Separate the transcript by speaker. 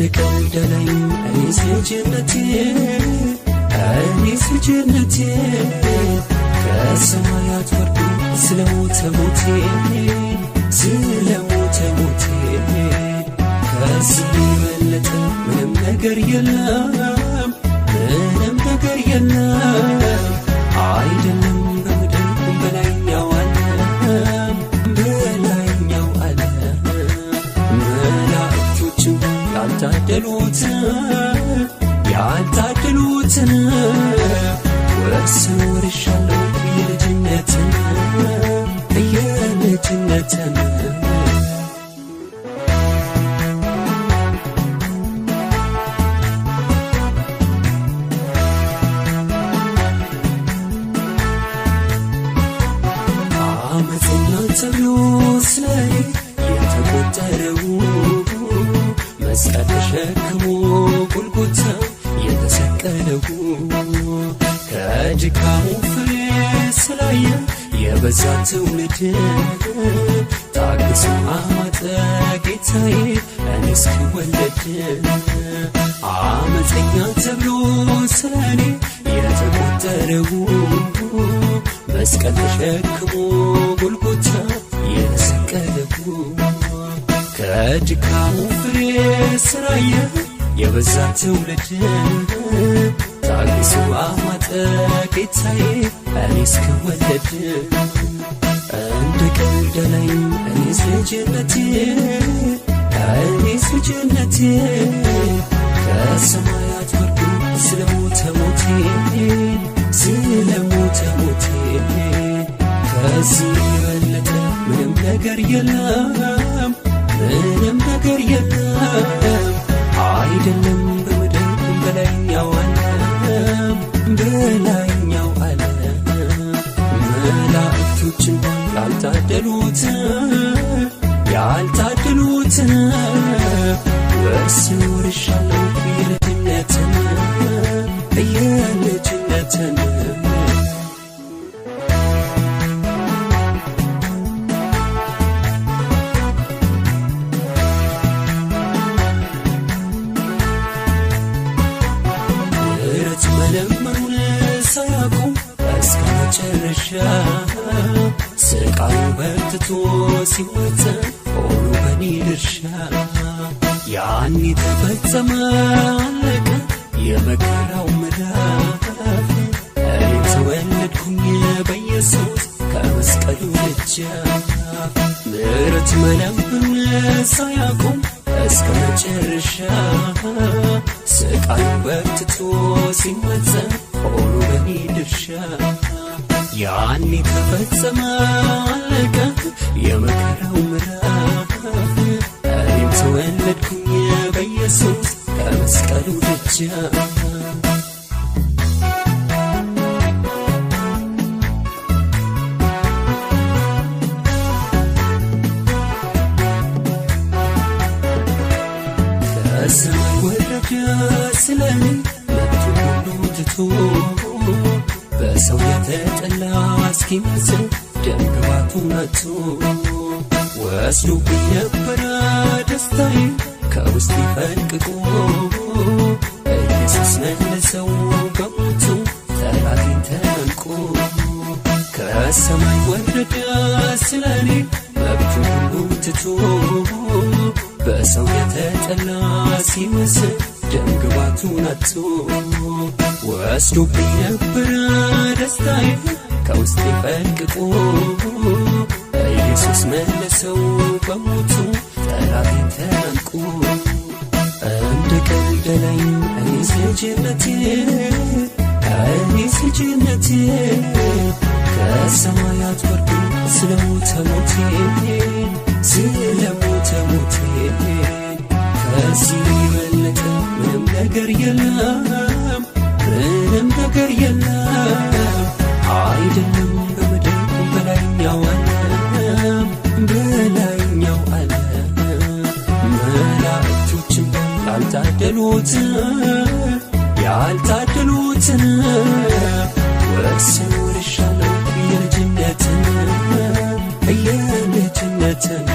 Speaker 1: ወደቀው ደላይ እኔ ስጅነት እኔ ስጅነት ከሰማያት ወርዶ ስለሞተ ሞቴ ስለሞተ ሞቴ ከዚህ የበለጠ ምንም ነገር የለም ምንም ነገር የለም አይደለም ያልታደሉትን ያልታደሉትን ወርስ የልጅነትን የልጅነትን መስቀል ተሸክሞ ጉልጉታ የተሰቀለው ከድካሙ ፍሬ ስላየ የበዛ ትውልድ ታግሶ አማጠ ጌታዬ እኔ እስክወለድ አመፀኛ ተብሎ ስለኔ የተቆጠረው መስቀል ተሸክሞ ጎልጎታ የተሰቀለው ከድካሙ ፍሬ ስራየ የበዛ ትውልድ ታግሱ አዋጠ ጌታዬ እኔ እስክወለድ እንደ ቀደለኝ እኔስ ልጅነቴ እኔስ ልጅነቴ ከሰማያት ወርዶ ስለሞተ ሞቴ ስለሞተ ሞቴ ከዚህ የበለጠ ምንም ነገር የለም ምንም ነገር የለም ለመኑን ሳያቆም እስከ መጨረሻ ስቃዩ በርትቶ ሲወጥ ሆኖ በኔ ድርሻ ያኔ ተፈጸመ አለቀ የመከራው መዳፍ እኔ ተወለድኩኝ በኢየሱስ ከመስቀሉ ደጃፍ ምሕረት መለምኑን ሳያቆም እስከ መጨረሻ ስቃዩ በርትቶ ሲመዘን ሆኖ በኔ ድርሻ ያኔ ተፈጸመ አለቀ የመከራው ምዕራፍ። እኔም ተወለድኩኝ በኢየሱስ ከመስቀሉ ደጃፍ ክው በሰው የተጠላ እስኪመስል ደም ግባቱ ወስዱ ወስዶብኝ ነበረ ደስታዬ ከውስጥ ፈንቅቁ ኢየሱስ መልሰው በሞቱ ጠላቴ ተንቁ ከሰማይ ወረደ ስለኔ መብቱ ሁሉ ትቶ በሰው የተጠላ ሲመስል ከንቱ ወስዶብኝ ነበረ ደስታዬ ከውስጤ ፈንቅቆ ኢየሱስ መለሰው በሞቱ ጠላቴ ተናንቆ እንደ ቀደለኝ እኔ እኔ ከሰማያት ወርዶ ሞቴ የለም ምንም ነገር የለም አይደለም በምድር በላይኛው ዓለም በላይኛው ዓለም መላእክቶችም ያልታደሉትን ያልታደሉትን ወርሰው ወርሻለው የልጅነትን የልጅነትን